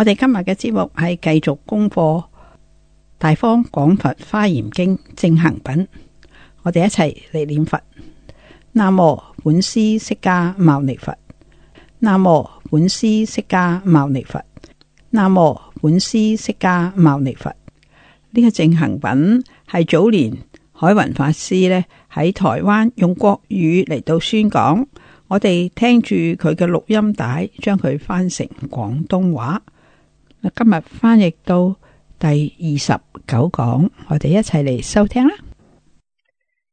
我哋今日嘅節目係繼續功課《大方廣佛華嚴經正行品》，我哋一齊嚟念佛。南無本師釋迦牟尼佛。南無本師釋迦牟尼佛。南無本師釋迦牟尼佛。呢、這個正行品係早年海雲法師咧喺台灣用國語嚟到宣講，我哋聽住佢嘅錄音帶，將佢翻成廣東話。今日翻譯到第二十九講，我哋一齊嚟收聽啦。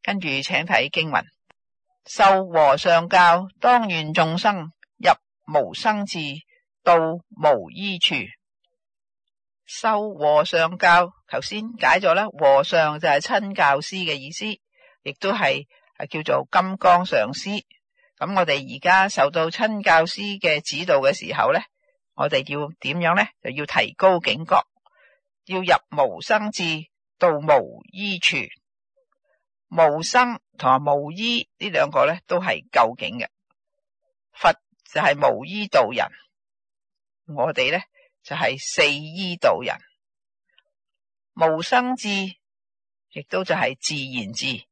跟住請睇經文，受和尚教，當願眾生，入無生智，到無依處。受和尚教，頭先解咗啦。和尚就係親教師嘅意思，亦都係係叫做金剛上師。咁我哋而家受到親教師嘅指導嘅時候咧。我哋要點樣咧？就要提高警覺，要入無生智，到無依處。無生同埋無依呢兩個咧，都係究竟嘅。佛就係無依道人，我哋咧就係、是、四依道人。無生智亦都就係自然智，呢、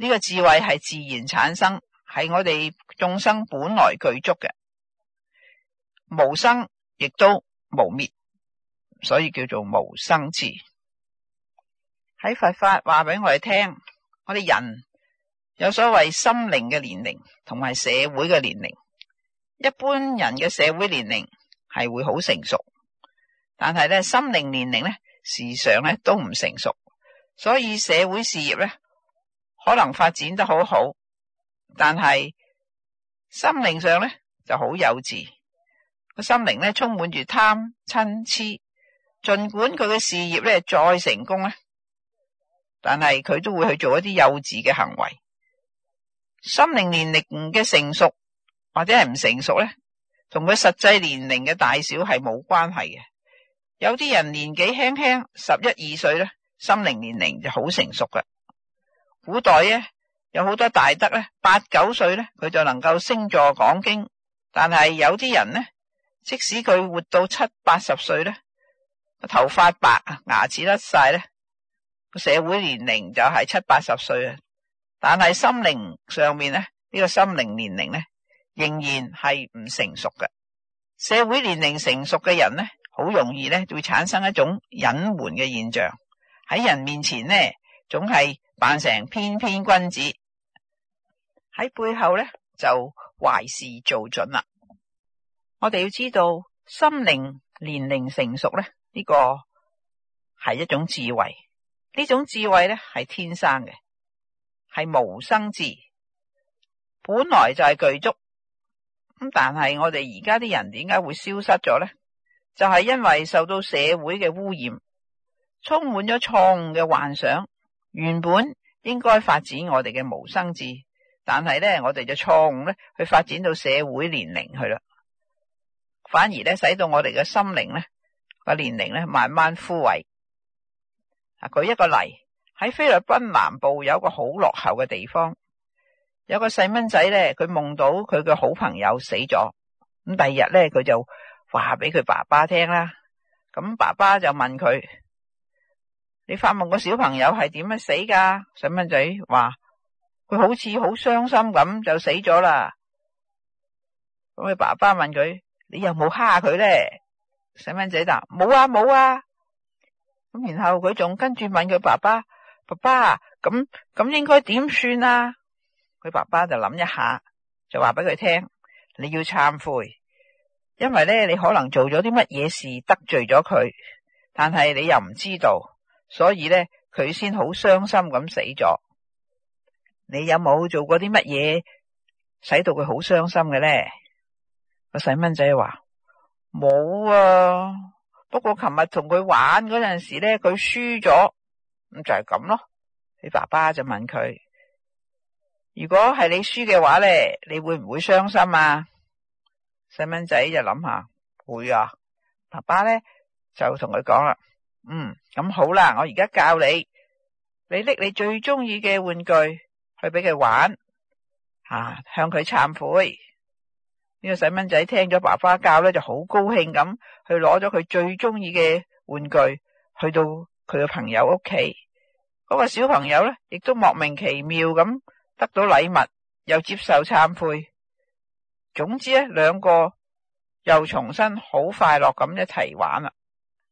這個智慧係自然產生，係我哋眾生本來具足嘅。無生亦都無滅，所以叫做無生智。喺佛法話俾我哋聽，我哋人有所謂心靈嘅年齡同埋社會嘅年齡。一般人嘅社會年齡係會好成熟，但係咧心靈年齡咧時常咧都唔成熟，所以社會事業咧可能發展得好好，但係心靈上咧就好幼稚。個心靈咧充滿住貪嗔痴，盡管佢嘅事業咧再成功咧，但係佢都會去做一啲幼稚嘅行為。心靈年齡嘅成熟或者係唔成熟咧，同佢實際年齡嘅大小係冇關係嘅。有啲人年紀輕輕十一二歲咧，心靈年齡就好成熟噶。古代咧有好多大德咧，八九歲咧佢就能夠升座講經，但係有啲人咧。即使佢活到七八十歲咧，個頭髮白牙齒甩晒咧，個社會年齡就係七八十歲啊，但係心靈上面咧，呢個心靈年齡咧，仍然係唔成熟嘅。社會年齡成熟嘅人咧，好容易咧會產生一種隱瞞嘅現象，喺人面前呢，總係扮成翩翩君子，喺背後咧就壞事做盡啦。我哋要知道心靈年齡成熟咧，呢、這個係一種智慧。呢種智慧咧係天生嘅，係無生智，本來就係具足咁。但係我哋而家啲人點解會消失咗咧？就係、是、因為受到社會嘅污染，充滿咗錯誤嘅幻想。原本應該發展我哋嘅無生智，但係咧我哋就錯誤咧去發展到社會年齡去啦。反而咧，使到我哋嘅心靈咧，個年齡咧，慢慢枯萎。啊，舉一個例，喺菲律賓南部有個好落後嘅地方，有個細蚊仔咧，佢夢到佢嘅好朋友死咗。咁第二日咧，佢就話俾佢爸爸聽啦。咁爸爸就問佢：你發夢個小朋友係點樣死㗎？細蚊仔話：佢好似好傷心咁就死咗啦。咁佢爸爸問佢。你又冇蝦佢咧？細蚊仔答：冇啊，冇啊。咁然後佢仲跟住問佢爸爸：爸爸，咁咁應該點算啊？佢爸爸就諗一下，就話俾佢聽：你要懺悔，因為咧你可能做咗啲乜嘢事得罪咗佢，但係你又唔知道，所以咧佢先好傷心咁死咗。你有冇做過啲乜嘢使到佢好傷心嘅咧？個細蚊仔話，冇啊，不過琴日同佢玩嗰陣時咧，佢輸咗，咁就係咁咯。你爸爸就問佢：如果係你輸嘅話咧，你會唔會傷心啊？細蚊仔就諗下，會啊。爸爸咧就同佢講啦：嗯，咁好啦，我而家教你，你拎你最中意嘅玩具去俾佢玩，啊，向佢懺悔。呢個細蚊仔聽咗爸爸教咧，就好高興咁去攞咗佢最中意嘅玩具，去到佢嘅朋友屋企。嗰個小朋友咧，亦都莫名其妙咁得到禮物，又接受懺悔。總之咧，兩個又重新好快樂咁一齊玩啦。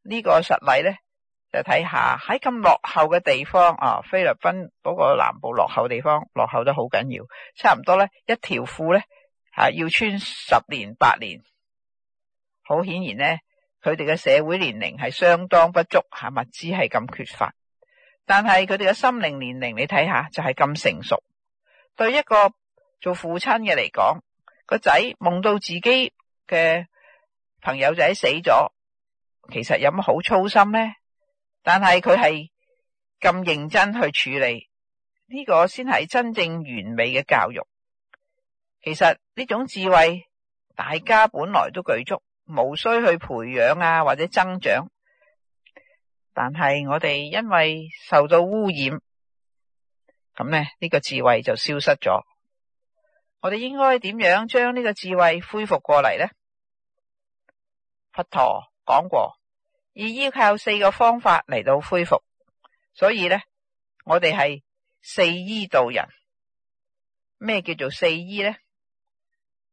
呢個實例咧，就睇下喺咁落後嘅地方啊，菲律賓嗰個南部落後地方，落後得好緊要。差唔多咧，一條褲咧。啊！要穿十年八年，好顯然咧，佢哋嘅社會年齡係相當不足嚇，物資係咁缺乏，但係佢哋嘅心靈年齡你睇下就係、是、咁成熟。對一個做父親嘅嚟講個仔夢到自己嘅朋友仔死咗，其實有乜好操心咧？但係佢係咁認真去處理呢、這個先係真正完美嘅教育。其實呢種智慧，大家本來都具足，無需去培養啊或者增長。但係我哋因為受到污染，咁咧呢個智慧就消失咗。我哋應該點樣將呢個智慧恢復過嚟呢？佛陀講過，要依靠四個方法嚟到恢復，所以呢，我哋係四依度人。咩叫做四依呢？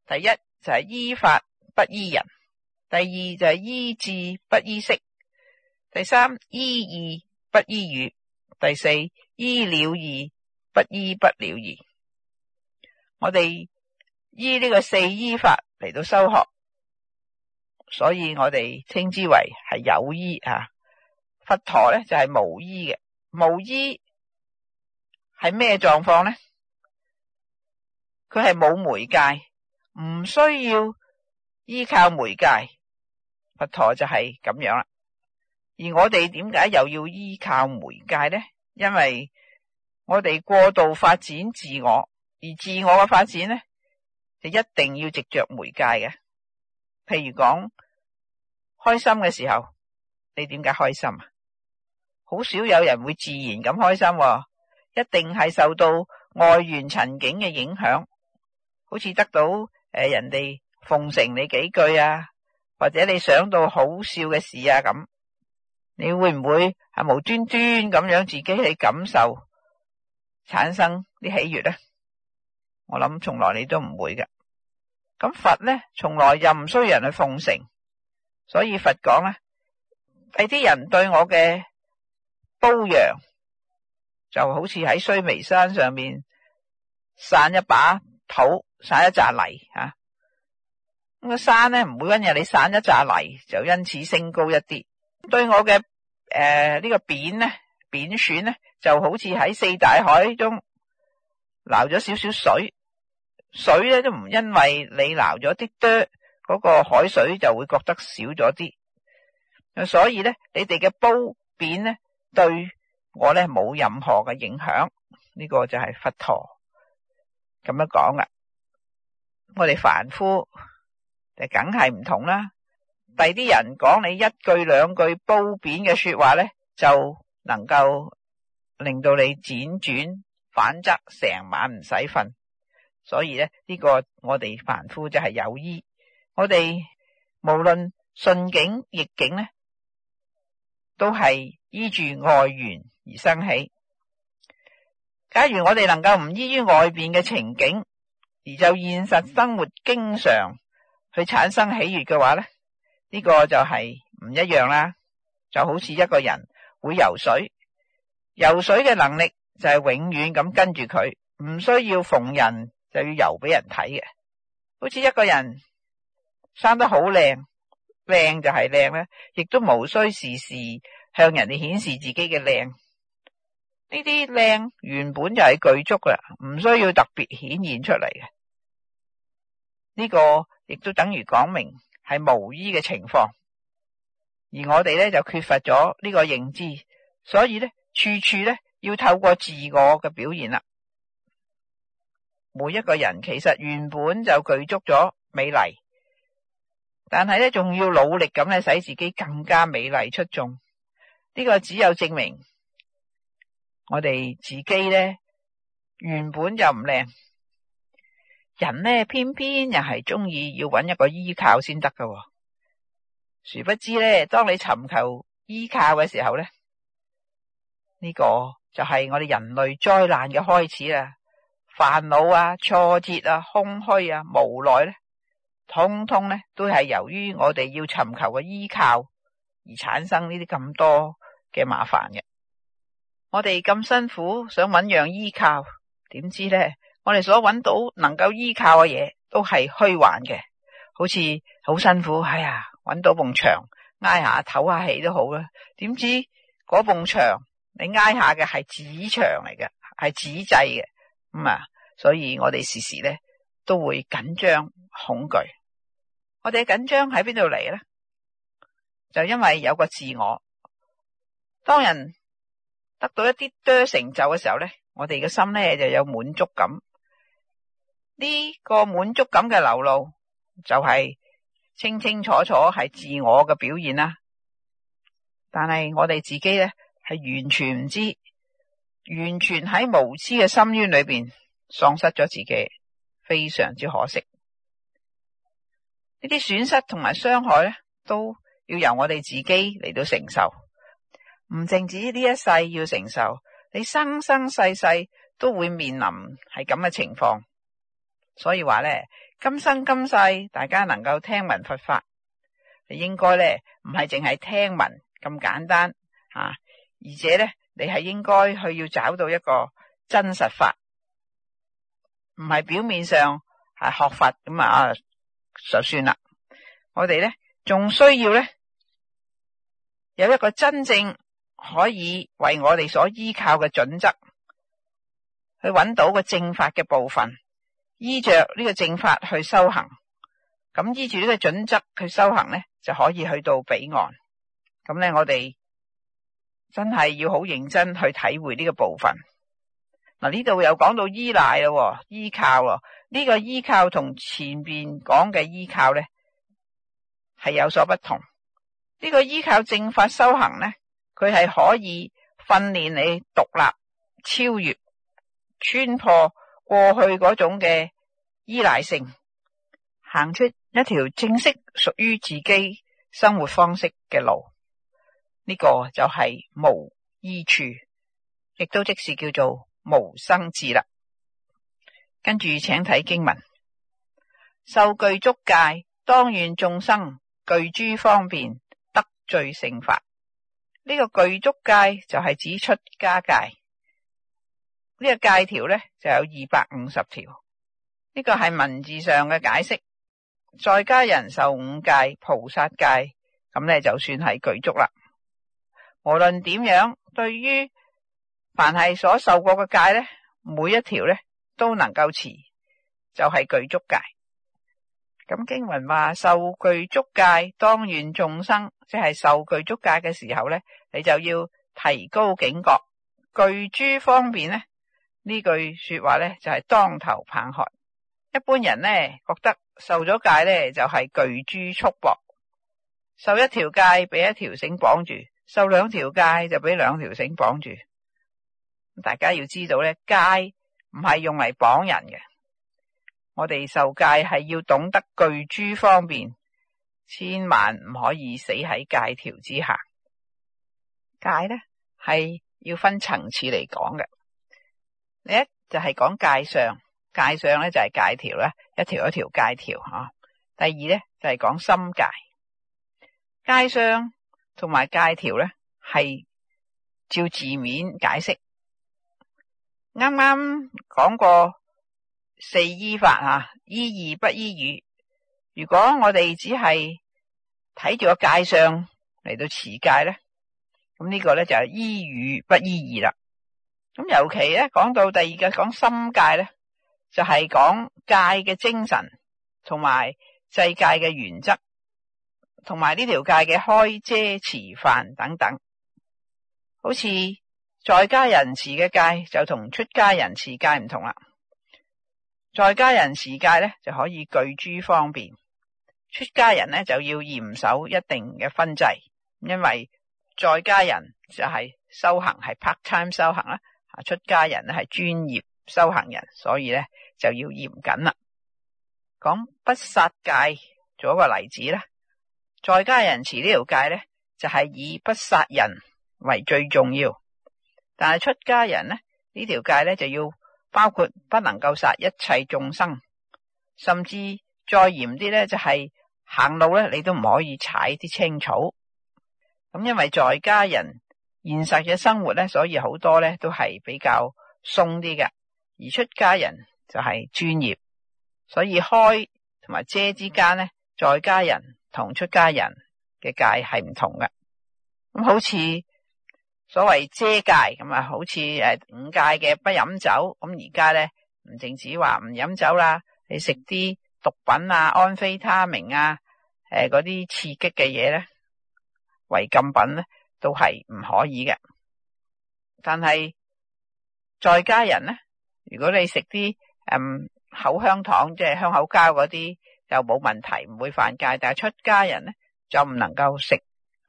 第一就係、是、依法不依人，第二就係、是、依智不依識，第三依義不依語，第四依了義不依不了義。我哋依呢個四依法嚟到修學，所以我哋稱之為係有依啊。佛陀咧就係無依嘅，無依係咩狀況咧？佢係冇媒介。唔需要依靠媒介，佛陀就係咁樣啦。而我哋點解又要依靠媒介呢？因為我哋過度發展自我，而自我嘅發展呢，就一定要藉着媒介嘅。譬如講開心嘅時候，你點解開心啊？好少有人會自然咁開心喎，一定係受到外緣情境嘅影響，好似得到。誒，人哋奉承你幾句啊，或者你想到好笑嘅事啊，咁你會唔會係無端端咁樣自己去感受產生啲喜悅咧？我諗從來你都唔會嘅。咁佛咧從來又唔需要人去奉承，所以佛講啊，咧，啲人對我嘅褒揚就好似喺須彌山上面散一把。土散一紮泥吓，咁、啊、個山咧唔會因為你散一紮泥就因此升高一啲。對我嘅，誒呢個扁咧扁損咧就好似喺四大海中撈咗少少水，水咧都唔因為你撈咗啲哆嗰個海水就會覺得少咗啲。所以咧你哋嘅煲扁咧對我咧冇任何嘅影響，呢、這個就係佛陀。咁樣講啦，我哋凡夫就梗係唔同啦。第啲人講你一句兩句褒貶嘅說話呢，就能夠令到你輾轉反側成晚唔使瞓。所以呢，呢個我哋凡夫就係有依。我哋無論順境逆境呢，都係依住外緣而生起。假如我哋能夠唔依於外邊嘅情景，而就現實生活經常去產生喜悅嘅話咧，呢個就係唔一樣啦。就好似一個人會游水，游水嘅能力就係永遠咁跟住佢，唔需要逢人就要游俾人睇嘅。好似一個人生得好靚，靚就係靚啦，亦都無需時時向人哋顯示自己嘅靚。呢啲靚原本就係具足啦，唔需要特別顯現出嚟嘅。呢個亦都等於講明係無依嘅情況，而我哋咧就缺乏咗呢個認知，所以咧處處咧要透過自我嘅表現啦。每一個人其實原本就具足咗美麗，但係咧仲要努力咁咧使自己更加美麗出眾。呢個只有證明。我哋自己咧原本就唔靚，人呢，偏偏又係中意要揾一個依靠先得噶。殊不知咧，當你尋求依靠嘅時候咧，呢個就係我哋人類災難嘅開始啦。煩惱啊、挫折啊、空虛啊、無奈咧，通通咧都係由於我哋要尋求嘅依靠而產生呢啲咁多嘅麻煩嘅。我哋咁辛苦，想揾樣依靠，點知咧？我哋所揾到能夠依靠嘅嘢，都係虛幻嘅。好似好辛苦，哎呀，揾到埲牆挨下唞下氣都好啦。點知嗰埲牆你挨下嘅係紙牆嚟嘅，係紙製嘅。咁、嗯、啊，所以我哋時時咧都會緊張恐懼。我哋嘅緊張喺邊度嚟咧？就因為有個自我，當人。得到一啲多成就嘅時候咧，我哋嘅心咧就有滿足感。呢、這個滿足感嘅流露，就係、是、清清楚楚係自我嘅表現啦。但係我哋自己咧係完全唔知，完全喺無知嘅深淵裏邊喪失咗自己，非常之可惜。呢啲損失同埋傷害咧，都要由我哋自己嚟到承受。唔淨止呢一世要承受，你生生世世都會面臨係咁嘅情況，所以話咧，今生今世大家能夠聽聞佛法，你應該咧唔係淨係聽聞咁簡單吓、啊，而且咧你係應該去要找到一個真實法，唔係表面上係、啊、學法咁啊就算啦。我哋咧仲需要咧有一個真正。可以為我哋所依靠嘅準則，去揾到個正法嘅部分，依着呢個正法去修行，咁依住呢個準則去修行咧，就可以去到彼岸。咁咧，我哋真係要好認真去體會呢個部分。嗱，呢度又講到依賴啦，依靠。呢個依靠同前邊講嘅依靠咧係有所不同。呢個依靠正法修行咧。佢係可以訓練你獨立、超越、穿破過去嗰種嘅依賴性，行出一條正式屬於自己生活方式嘅路。呢、這個就係無依處，亦都即是叫做無生智啦。跟住，請睇經文：受具足戒，當願眾生，具諸方便，得最勝法。呢個具足戒就係指出家戒，呢個戒條呢就有二百五十條。呢個係文字上嘅解釋。在家人受五戒、菩薩戒，咁呢，就算係具足啦。無論點樣，對於凡係所受過嘅戒呢，每一條呢都能夠持，就係具足戒。咁經文話受具足戒，當願眾生。即係受具足戒嘅時候咧，你就要提高警覺。具足方便咧，呢句說話咧就係當頭棒喝。一般人咧覺得受咗戒咧就係具足束縛，受一條戒俾一條繩綁住，受兩條戒就俾兩條繩綁住。大家要知道咧，戒唔係用嚟綁人嘅，我哋受戒係要懂得具足方便。千萬唔可以死喺戒條之下。戒呢係要分層次嚟講嘅。第一就係講戒相，戒相呢就係戒條啦，一條一條戒條吓。第二呢就係、是、講心戒。戒相同埋戒條呢係照字面解釋。啱啱講過四依法啊，依義不依語。如果我哋只係睇住個戒相嚟到持戒咧，咁呢個咧就依語不依義啦。咁尤其咧講到第二個講心戒咧，就係講戒嘅精神同埋世界嘅原則，同埋呢條戒嘅開遮持犯等等。好似在家人持嘅戒，就同出家人持戒唔同啦。在家人持戒咧就可以具諸方便。出家人咧就要嚴守一定嘅分際，因為在家人就係修行係 part time 修行啦，吓出家人咧係專業修行人，所以咧就要嚴謹啦。講不殺戒做一個例子啦，在家人持呢條戒咧就係、是、以不殺人為最重要，但係出家人咧呢條戒咧就要包括不能夠殺一切眾生，甚至再嚴啲咧就係、是。行路咧，你都唔可以踩啲青草。咁因為在家人現實嘅生活咧，所以好多咧都係比較鬆啲嘅。而出家人就係專業，所以開同埋遮之間咧，在家人同出家人嘅戒係唔同嘅。咁好似所謂遮戒，咁啊，好似誒五戒嘅不飲酒。咁而家咧唔淨止話唔飲酒啦，你食啲。毒品啊，安非他命啊，誒、呃，嗰啲刺激嘅嘢咧，違禁品咧，都係唔可以嘅。但係在家人咧，如果你食啲，嗯，口香糖即係香口膠嗰啲，就冇問題，唔會犯戒。但係出家人咧，就唔能夠食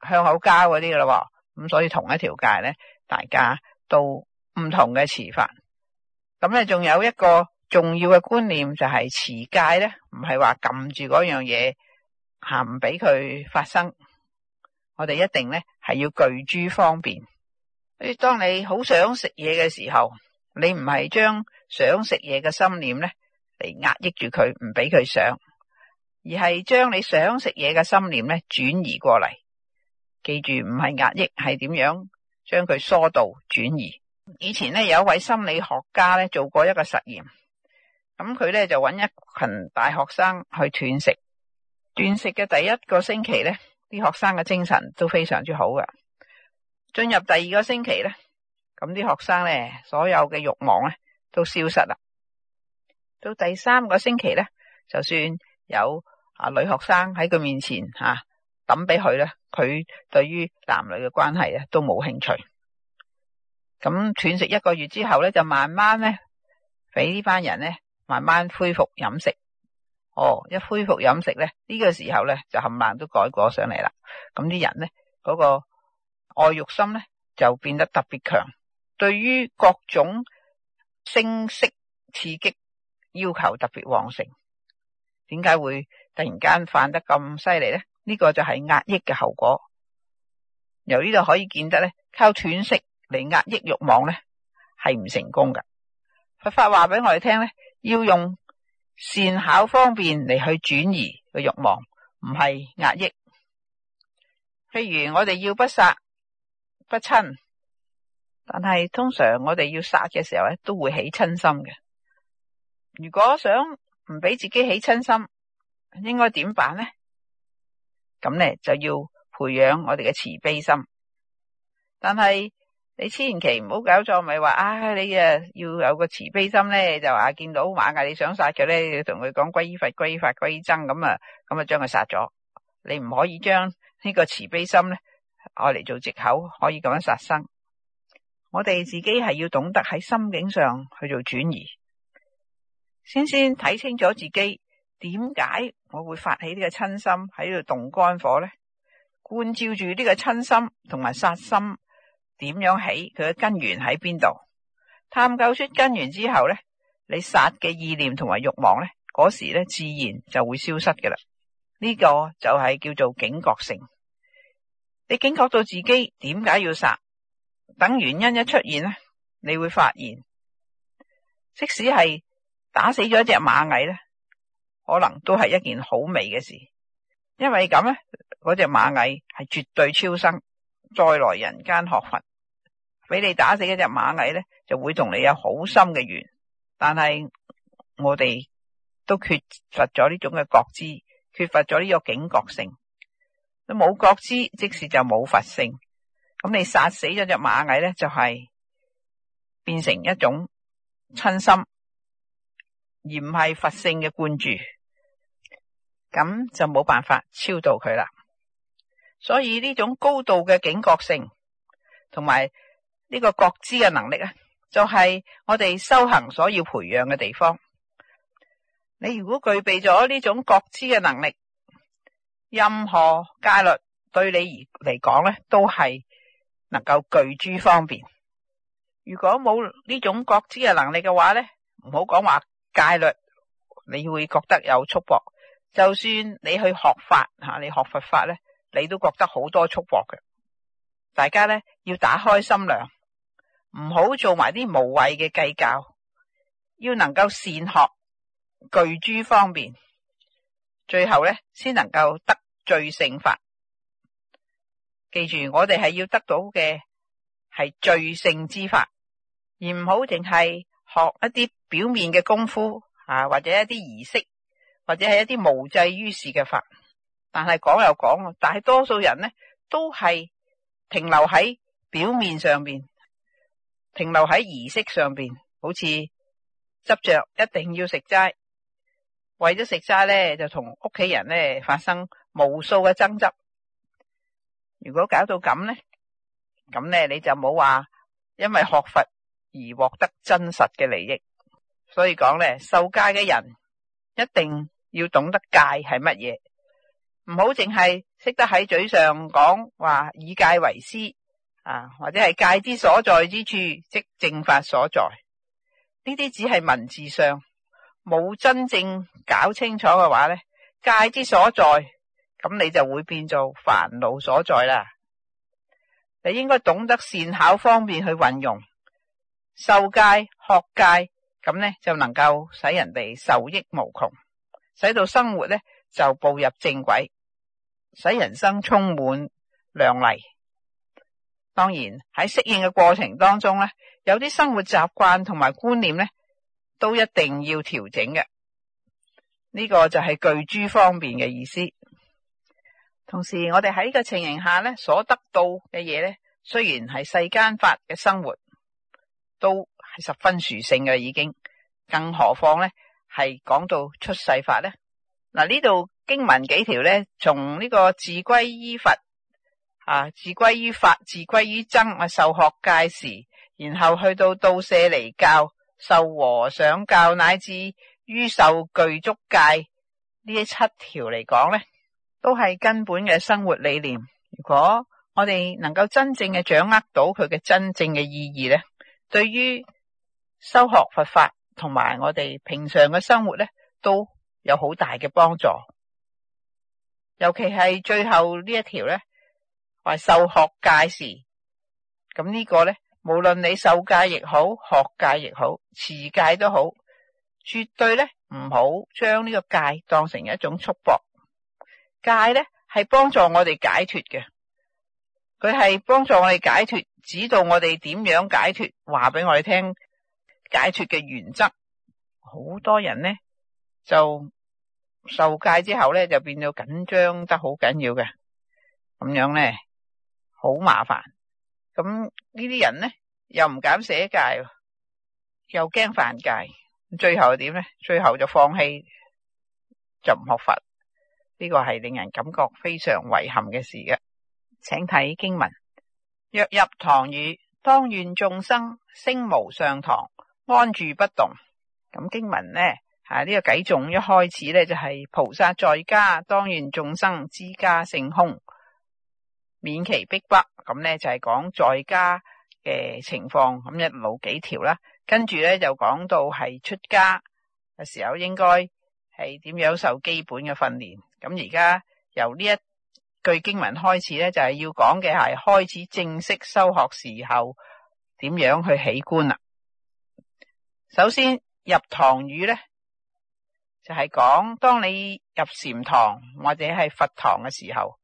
香口膠嗰啲噶啦。咁、嗯、所以同一條戒咧，大家都唔同嘅持法。咁、嗯、咧，仲有一個。重要嘅觀念就係持戒咧，唔係話撳住嗰樣嘢行唔俾佢發生。我哋一定咧係要具諸方便。當你好想食嘢嘅時候，你唔係將想食嘢嘅心念咧嚟壓抑住佢，唔俾佢想，而係將你想食嘢嘅心念咧轉移過嚟。記住唔係壓抑，係點樣將佢疏導轉移。以前咧有一位心理學家咧做過一個實驗。咁佢咧就揾一群大學生去斷食，斷食嘅第一個星期咧，啲學生嘅精神都非常之好㗎。進入第二個星期咧，咁啲學生咧，所有嘅欲望咧都消失啦。到第三個星期咧，就算有啊女學生喺佢面前吓抌俾佢咧，佢對於男女嘅關係咧都冇興趣。咁斷食一個月之後咧，就慢慢咧俾呢班人咧。慢慢恢復飲食，哦，一恢復飲食咧，呢、這個時候咧就冚唪唥都改過上嚟啦。咁啲人咧嗰、那個愛欲心咧就變得特別強，對於各種聲色刺激要求特別旺盛。點解會突然間犯得咁犀利咧？呢、這個就係壓抑嘅後果。由呢度可以見得咧，靠斷食嚟壓抑欲望咧係唔成功噶。佛法話俾我哋聽咧，要用善巧方便嚟去轉移個欲望，唔係壓抑。譬如我哋要不殺不親，但係通常我哋要殺嘅時候咧，都會起親心嘅。如果想唔俾自己起親心，應該點辦呢？咁呢就要培養我哋嘅慈悲心，但係。你千祈唔好搞錯，咪話啊！你啊要有個慈悲心咧，就話見到馬噶你想殺佢咧，要同佢講歸依佛、歸依法、歸依僧，咁啊，咁啊將佢殺咗。你唔可以將呢個慈悲心咧，攞嚟做藉口，可以咁樣殺生。我哋自己係要懂得喺心境上去做轉移，先先睇清楚自己點解我會發起呢個親心喺度動肝火咧，觀照住呢個親心同埋殺心。點樣起佢嘅根源喺邊度？探究出根源之後呢，你殺嘅意念同埋欲望呢，嗰時咧自然就會消失嘅啦。呢個就係叫做警覺性。你警覺到自己點解要殺？等原因一出現呢，你會發現，即使係打死咗一隻螞蟻咧，可能都係一件好美嘅事，因為咁呢，嗰隻螞蟻係絕對超生，再來人間學佛。俾你打死一隻螞蟻咧，就會同你有好深嘅緣。但係我哋都缺乏咗呢種嘅覺知，缺乏咗呢個警覺性。你冇覺知，即使就冇佛性。咁你殺死咗隻螞蟻咧，就係、是、變成一種親心，而唔係佛性嘅灌注，咁就冇辦法超度佢啦。所以呢種高度嘅警覺性，同埋。呢個覺知嘅能力咧，就係我哋修行所要培養嘅地方。你如果具備咗呢種覺知嘅能力，任何戒律對你嚟講咧，都係能夠具諸方便。如果冇呢種覺知嘅能力嘅話咧，唔好講話戒律，你會覺得有束縛。就算你去學法吓，你學佛法咧，你都覺得好多束縛嘅。大家咧，要打開心量。唔好做埋啲無謂嘅計較，要能夠善學具諸方便，最後咧先能夠得最勝法。記住，我哋係要得到嘅係最勝之法，而唔好淨係學一啲表面嘅功夫啊，或者一啲儀式，或者係一啲無濟於事嘅法。但係講又講，大多數人咧都係停留喺表面上邊。停留喺儀式上面，好似執着一定要食齋，為咗食齋咧就同屋企人咧發生無數嘅爭執。如果搞到咁咧，咁咧你就冇話因為學佛而獲得真實嘅利益。所以講咧，受戒嘅人一定要懂得戒係乜嘢，唔好淨係識得喺嘴上講話以戒為師。啊，或者係戒之所在之處，即正法所在。呢啲只係文字上，冇真正搞清楚嘅話呢戒之所在，咁你就會變做煩惱所在啦。你應該懂得善巧方便去運用，受戒學戒，咁呢，就能夠使人哋受益無窮，使到生活呢就步入正軌，使人生充滿亮麗。當然喺適應嘅過程當中咧，有啲生活習慣同埋觀念咧，都一定要調整嘅。呢、這個就係具諸方便嘅意思。同時，我哋喺呢個情形下咧，所得到嘅嘢咧，雖然係世間法嘅生活，都係十分殊勝嘅已經。更何況咧，係講到出世法咧，嗱呢度經文幾條咧，從呢個自歸依佛。啊！自歸於法，自歸於僧，受學戒時，然後去到到舍離教，受和尚教，乃至於受具足戒。七呢？七條嚟講咧，都係根本嘅生活理念。如果我哋能夠真正嘅掌握到佢嘅真正嘅意義咧，對於修學佛法同埋我哋平常嘅生活咧，都有好大嘅幫助。尤其係最後呢一條咧。係受學戒時，咁呢個咧，無論你受戒亦好，學戒亦好，持戒都好，絕對咧唔好將呢個戒當成一種束縛。戒咧係幫助我哋解脫嘅，佢係幫助我哋解脫，指導我哋點樣解脫，話俾我哋聽解脫嘅原則。好多人咧就受戒之後咧就變到緊張得好緊要嘅，咁樣咧。好麻煩，咁呢啲人呢又唔敢捨戒，又驚犯戒，最後點呢？最後就放棄，就唔學佛。呢個係令人感覺非常遺憾嘅事嘅。請睇經文，若入堂宇，當願眾生升無上堂，安住不動。咁經文呢？吓、這、呢個偈頌一開始呢就係菩薩在家，當願眾生知家性空。免其逼迫，迫，咁咧就係、是、講在家嘅情況，咁一路幾條啦。跟住咧就講到係出家嘅時候應該係點樣受基本嘅訓練。咁而家由呢一句經文開始咧，就係、是、要講嘅係開始正式修學時候點樣去起觀啦。首先入堂語咧，就係、是、講當你入禪堂或者係佛堂嘅時候。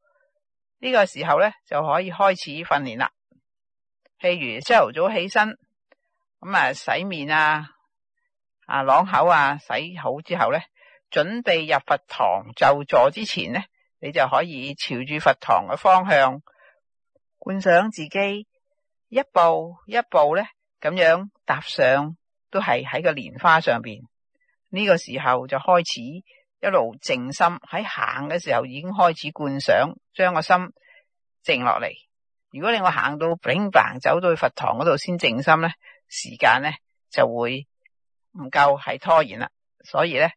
呢個時候咧就可以開始訓練啦。譬如朝頭早起身，咁啊洗面啊，啊朗口啊，洗好之後咧，準備入佛堂就座之前咧，你就可以朝住佛堂嘅方向，觀想自己一步一步咧咁樣踏上，都係喺個蓮花上面。呢、這個時候就開始。一路靜心喺行嘅時候已經開始觀想，將個心靜落嚟。如果你我行到炳行走到去佛堂嗰度先靜心咧，時間咧就會唔夠，係拖延啦。所以咧，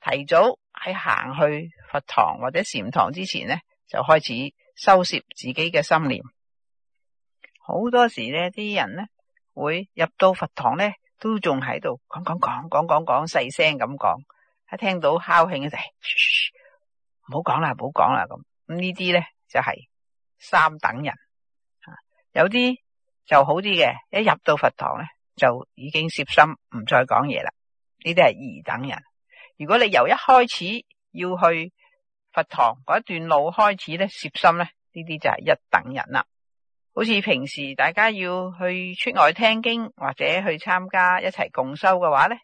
提早喺行去佛堂或者禪堂之前咧，就開始收攝自己嘅心念。好多時呢啲人咧會入到佛堂咧，都仲喺度講講講講講講細聲咁講。說說說說一聽到敲磬嘅聲，唔好講啦，唔好講啦咁咁呢啲咧就係三等人，有啲就好啲嘅，一入到佛堂咧就已經攝心唔再講嘢啦。呢啲係二等人。如果你由一開始要去佛堂嗰一段路開始咧攝心咧，呢啲就係一等人啦。好似平時大家要去出外聽經或者去參加一齊共修嘅話咧，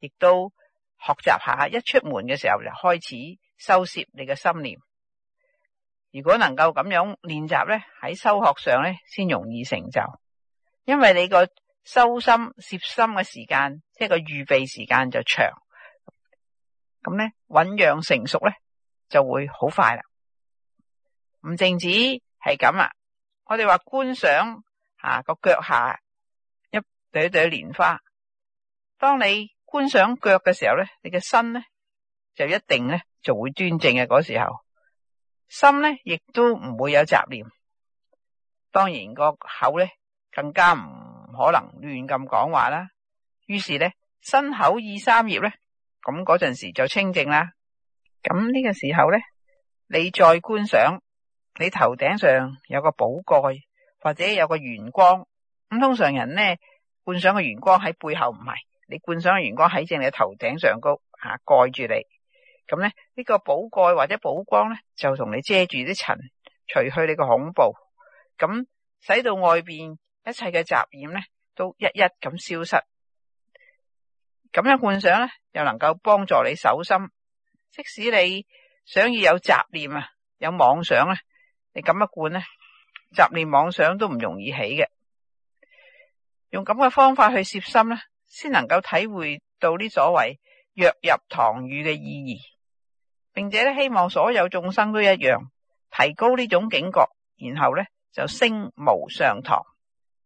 亦都。學習下一出門嘅時候就開始收攝你嘅心念。如果能夠咁樣練習咧，喺修學上咧先容易成就，因為你個修心攝心嘅時間，即係個預備時間就長。咁咧，醞釀成熟咧就會好快啦。唔淨止係咁啊，我哋話觀賞啊個腳下一朵朵蓮花，當你。觀想腳嘅時候咧，你嘅身咧就一定咧就會端正嘅，嗰時候，心咧亦都唔會有雜念，當然個口咧更加唔可能亂咁講話啦。於是咧，身口意三業咧，咁嗰陣時就清淨啦。咁呢個時候咧，你再觀想，你頭頂上有個寶蓋，或者有個圓光。咁通常人咧，觀想嘅圓光喺背後唔係。你灌上嘅元光喺正你嘅頭頂上高吓、啊，蓋住你咁咧，呢個補蓋或者補光咧，就同你遮住啲塵，除去你個恐怖，咁使到外邊一切嘅雜染咧，都一一咁消失。咁樣灌上咧，又能夠幫助你守心。即使你想要有雜念啊，有妄想咧，你咁一灌咧，雜念妄想都唔容易起嘅。用咁嘅方法去攝心咧。先能夠體會到呢，所謂若入堂宇嘅意義，並且咧，希望所有眾生都一樣提高呢種警覺，然後咧就升無上堂。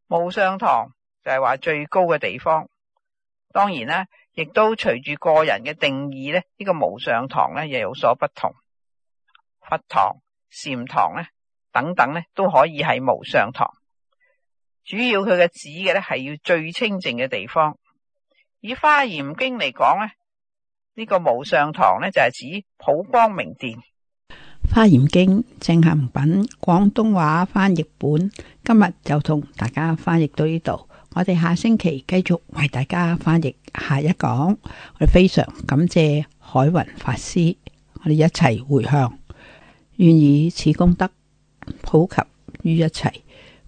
無上堂就係話最高嘅地方。當然啦，亦都隨住個人嘅定義咧，呢、這個無上堂咧又有所不同。佛堂、禪堂咧等等咧都可以係無上堂，主要佢嘅指嘅咧係要最清淨嘅地方。以花《花嚴經》嚟講呢，呢個無上堂呢，就係、是、指普光明殿《花嚴經》正行品廣東話翻譯本。今日就同大家翻譯到呢度，我哋下星期繼續為大家翻譯下一講。我哋非常感謝海雲法師，我哋一齊回向，願以此功德普及於一切，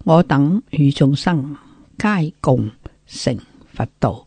我等與眾生皆共成佛道。